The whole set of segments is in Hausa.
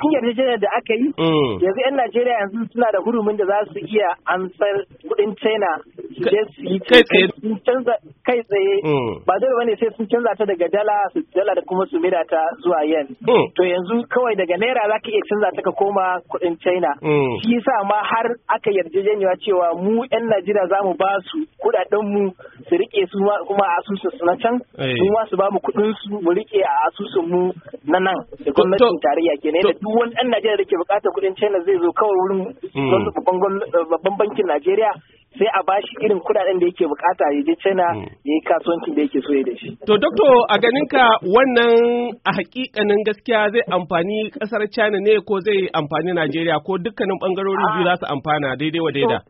cikin yarjejeniyar da aka yi mm. yanzu 'yan Najeriya yanzu suna da hurumin da za su iya ansar kudin China su je su yi canza kai tsaye hmm. ba dole bane sai sun canza ta daga dala su dala da kuma su mira ta zuwa yen hmm. to yanzu kawai daga naira za ka iya canza ta ka koma kuɗin china hmm. shi yasa ma har aka yarda janyewa cewa mu yan najeriya za mu ba su kuɗaɗen mu su rike su kuma a asusun su na can su eh. ma su ba mu kuɗin su mu rike a asusun mu na nan da gwamnatin tarayya kenan da duk wani yan najeriya da ke buƙatar kuɗin china zai zo kawai wurin babban bankin najeriya sai a bashi irin kudaden da yake bukata ya je China ya yi kasuwancin da yake so ya da shi. To Dokto, a ganinka wannan a hakikanin gaskiya zai amfani kasar China ne ko zai amfani Najeriya ko dukkanin bangarorin biyu za su amfana daidai wa daida?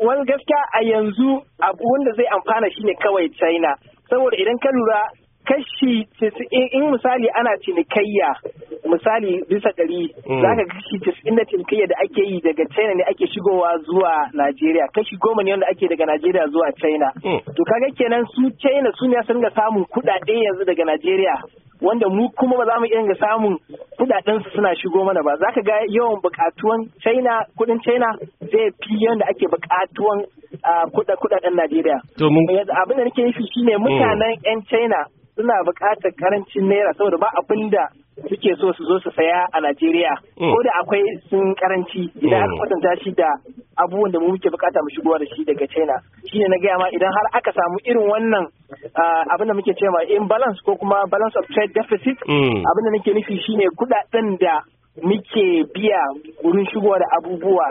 Wani gaskiya a yanzu abu wanda zai amfana shi ne kawai China saboda idan ka lura kashi in misali ana cinikayya misali bisa ɗari mm. za ka kashi casa'in da da ake yi daga china ne ake shigowa zuwa najeriya kashi goma ne wanda ake daga najeriya zuwa china mm. to kaga kenan su china su ne sun ga samun kuɗaɗe yanzu daga najeriya wanda mu kuma ba za mu iya samun kudaden su suna shigo mana ba zaka ga yawan bukatuwan China kudin China zai fi yanda ake bukatuwan kudaden Najeriya eh, abin da nake nufi shine mm. mutanen yan China suna bukatar karancin naira saboda ba abin da suke so su zo su saya a Najeriya mm. ko da akwai sun karanci idan aka mm. kwatanta shi da abubuwan da mu muke bukata mu shigowa da shi daga China shine na gaya ma idan har aka samu irin wannan abin da muke cewa In imbalance ko kuma balance of trade deficit mm. abin da nake nufi shine kudaden da muke biya wurin shigowa da abubuwa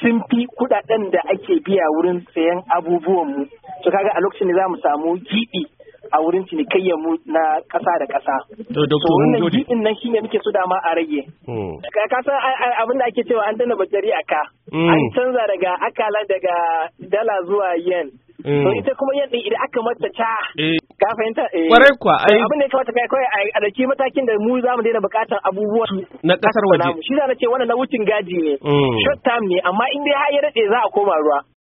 sun fi kudaden da ake biya wurin sayan abubuwan mu. to kaga a lokacin da za mu samu giɓi a wurin cinikayyar mu na ƙasa da ƙasa. To wannan jiɗin nan shine muke so dama a rage. Hmm. Ka san abin da ake cewa an dana bajari a ka. Hmm. An canza daga akala daga dala zuwa yen. To hmm. ita kuma yen ɗin idan aka mata ca. Eh. Ka fahimta? Eh. Kwarai kuwa. Abin da ya kamata kai kawai a daki matakin da mu za mu daina buƙatar abubuwa. Na ƙasar waje. Shi da na ce wannan na wucin gaji ne. Short term ne amma in dai har ya daɗe za a koma ruwa.